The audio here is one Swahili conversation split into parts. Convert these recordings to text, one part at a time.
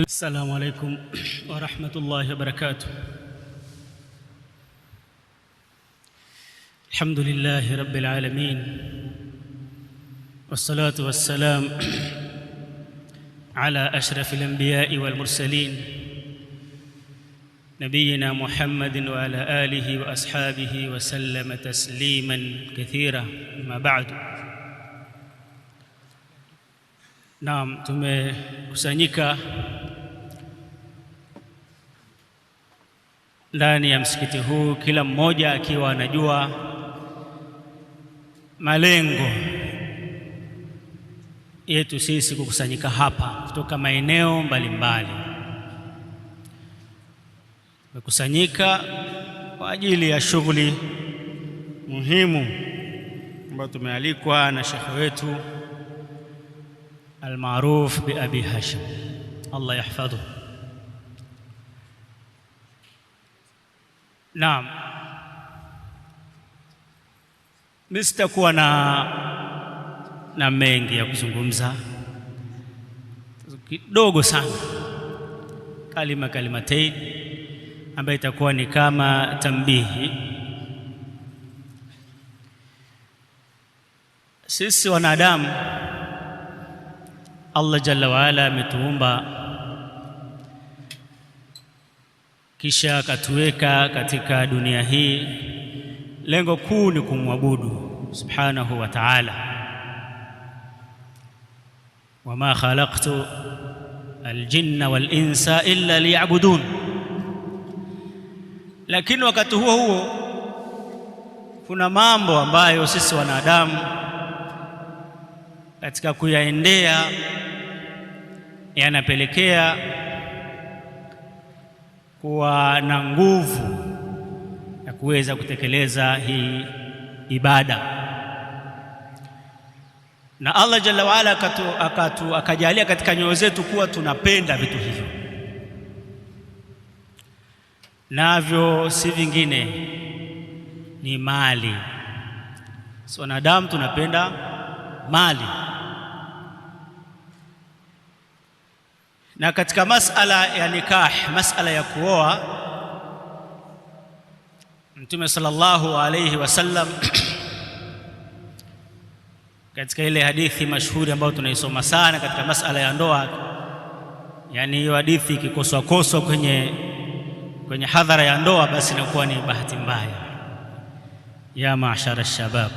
السلام عليكم ورحمة الله وبركاته الحمد لله رب العالمين والصلاة والسلام على أشرف الأنبياء والمرسلين نبينا محمد وعلى آله وأصحابه وسلم تسليما كثيرا ما بعد Naam, tumekusanyika ndani ya msikiti huu, kila mmoja akiwa anajua malengo yetu sisi kukusanyika hapa kutoka maeneo mbalimbali. Tumekusanyika kwa ajili ya shughuli muhimu ambayo tumealikwa na shekhe wetu almaruf bi هاشم Hashim, Allah نعم Naam, mimi sitakuwa na na mengi ya kuzungumza, kidogo sana, kalima kalimatain ambayo itakuwa ni kama tambihi sisi wanadamu Allah jalla waala ametuumba kisha akatuweka katika dunia hii, lengo kuu ni kumwabudu subhanahu wa ta'ala. Wama khalaqtu aljinna wal insa illa liya'budun. Lakini wakati huo huo kuna mambo ambayo sisi wanadamu katika kuyaendea yanapelekea kuwa na nguvu ya kuweza kutekeleza hii ibada. Na Allah jalla waala akatu akajalia katika nyoyo zetu kuwa tunapenda vitu hivyo, navyo si vingine, ni mali. Si wanadamu tunapenda mali Na katika masala ya nikah, masala ya kuoa, Mtume sallallahu alayhi wasallam katika ile hadithi mashuhuri ambayo tunaisoma sana katika masala ya ndoa, yani hiyo hadithi ikikoswakoswa kwenye, kwenye hadhara ya ndoa, basi inakuwa ni bahati mbaya. Ya mashara shabab.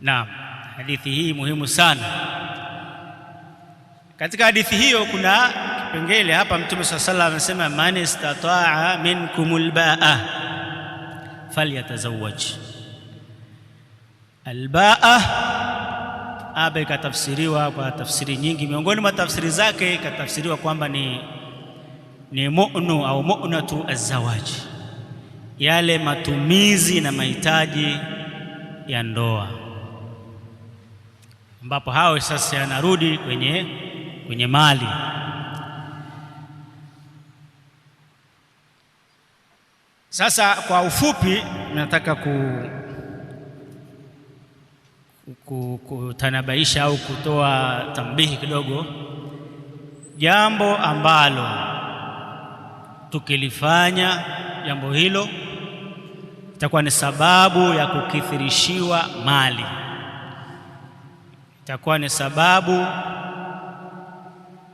Naam, hadithi hii muhimu sana katika hadithi hiyo kuna kipengele hapa, Mtume swalla sallam anasema man istataa minkumul baa falyatazawaj. Albaa hapa ikatafsiriwa kwa tafsiri nyingi, miongoni mwa tafsiri zake ikatafsiriwa kwamba ni, ni mu'nu au mu'natu azawaji, yale matumizi na mahitaji ya ndoa, ambapo hao sasa yanarudi kwenye kwenye mali. Sasa kwa ufupi, nataka ku, ku, kutanabaisha au kutoa tambihi kidogo, jambo ambalo tukilifanya jambo hilo itakuwa ni sababu ya kukithirishiwa mali, itakuwa ni sababu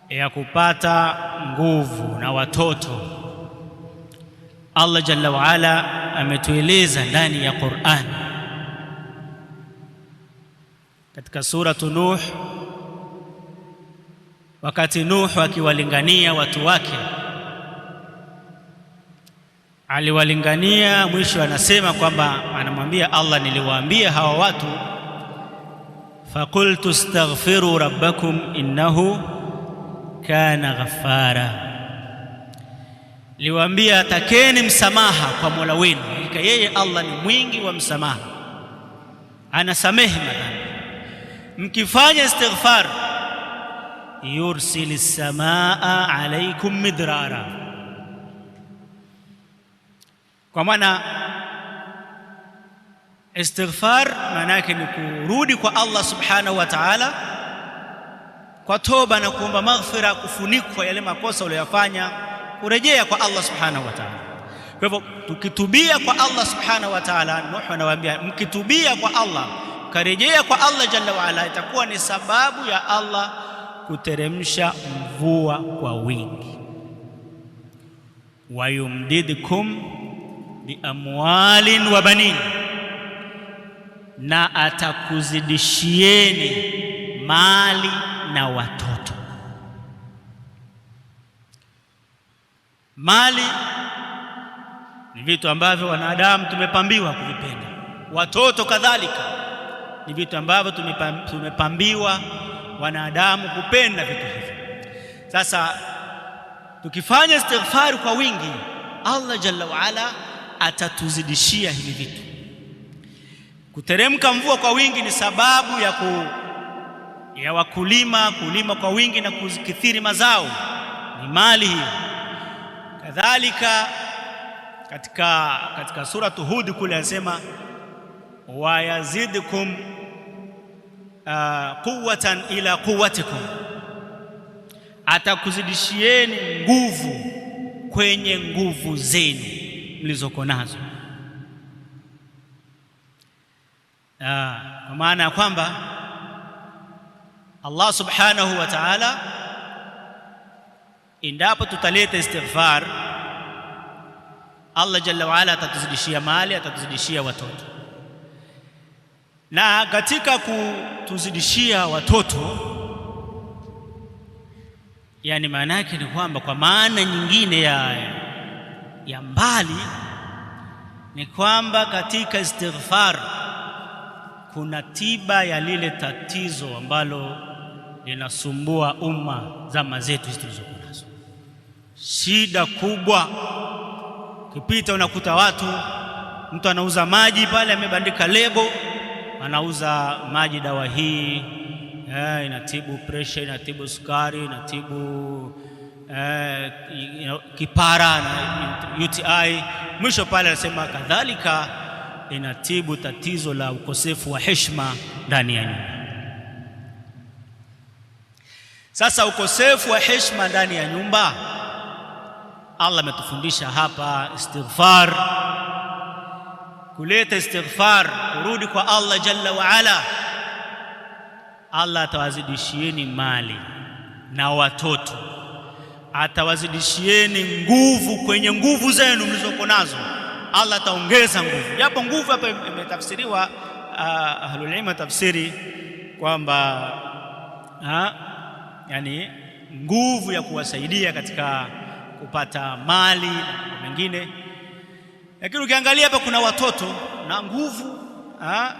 ya kupata nguvu na watoto. Allah jalla waala ametueleza ndani ya Qur'an katika suratu Nuh, wakati Nuh akiwalingania watu wake aliwalingania, mwisho anasema kwamba anamwambia Allah, niliwaambia hawa watu, faqultu staghfiru rabbakum innahu kana ghafara, liwaambia takeni msamaha kwa Mola wenu, hakika yeye Allah ni mwingi wa msamaha, anasamehe madhambi. Mkifanya istighfar yursili samaa alaikum midrara, kwa maana istighfar maana yake ni kurudi kwa Allah subhanahu wa ta'ala kwa toba na kuomba maghfira, kufunikwa yale makosa uliyofanya, kurejea kwa Allah subhanahu wa ta'ala. Kwa hivyo tukitubia kwa Allah subhanahu wa ta'ala, Nuhu anawaambia mkitubia kwa Allah, karejea kwa Allah jalla waala, itakuwa ni sababu ya Allah kuteremsha mvua kwa wingi. Wayumdidkum biamwalin wa banin, na atakuzidishieni mali na watoto. Mali ni vitu ambavyo wanadamu tumepambiwa kuvipenda, watoto kadhalika ni vitu ambavyo tumepambiwa wanadamu kupenda vitu hivyo. Sasa tukifanya istighfari kwa wingi, Allah jalla waala atatuzidishia hivi vitu. Kuteremka mvua kwa wingi ni sababu ya ku ya wakulima kulima kwa wingi na kukithiri mazao ni mali hiyo. Kadhalika katika, katika suratu Hud kule anasema wayazidkum uh, quwwatan ila quwwatikum, atakuzidishieni nguvu kwenye nguvu zenu mlizoko nazo, uh, kwa maana ya kwamba Allah subhanahu wa ta'ala, endapo tutaleta istighfar, Allah jalla waala atatuzidishia mali, atatuzidishia watoto. Na katika kutuzidishia watoto, yani maana yake ni kwamba, kwa maana nyingine ya, ya mbali ni kwamba katika istighfar kuna tiba ya lile tatizo ambalo linasumbua umma zama zetu hizi tulizokuwa nazo. Shida kubwa, ukipita unakuta watu, mtu anauza maji pale, amebandika lebo, anauza maji, dawa hii eh, inatibu presha, inatibu sukari, inatibu eh, kipara na UTI. Mwisho pale anasema kadhalika inatibu tatizo la ukosefu wa heshima ndani ya nyumba. Sasa ukosefu wa heshima ndani ya nyumba, Allah ametufundisha hapa istighfar, kuleta istighfar, kurudi kwa Allah jalla waala. Allah atawazidishieni mali na watoto, atawazidishieni nguvu kwenye nguvu zenu mlizoko nazo. Allah ataongeza nguvu, japo nguvu hapa imetafsiriwa ah, ahlulilmu tafsiri kwamba ah, yani nguvu ya kuwasaidia katika kupata mali na mengine. Lakini ukiangalia hapa kuna watoto na nguvu ha,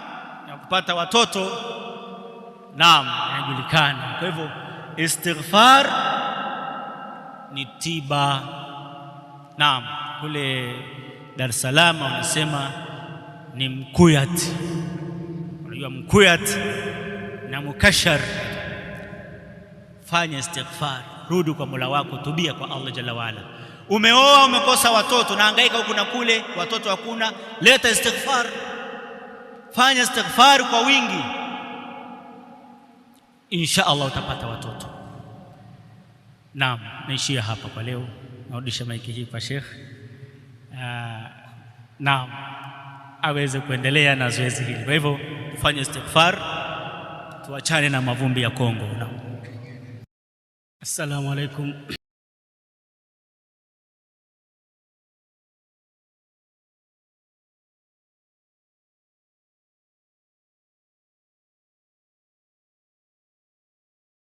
ya kupata watoto naam, inajulikana. Kwa hivyo istighfar ni tiba. Naam, kule Dar es Salaam wanasema ni mkuyat. Unajua mkuyat na mukashar fanya istighfar, rudi kwa Mola wako, tubia kwa Allah jalla waala. Umeoa, umekosa watoto, naangaika huku na kule, watoto hakuna, leta istighfar, fanya istighfar kwa wingi, insha Allah utapata watoto. Naam, naishia hapa kwa leo, narudisha maiki hii kwa Sheikh. Ah, naam, aweze kuendelea na zoezi hili. Kwa hivyo tufanye istighfar, tuachane na mavumbi ya Kongo. Naam. السلام عليكم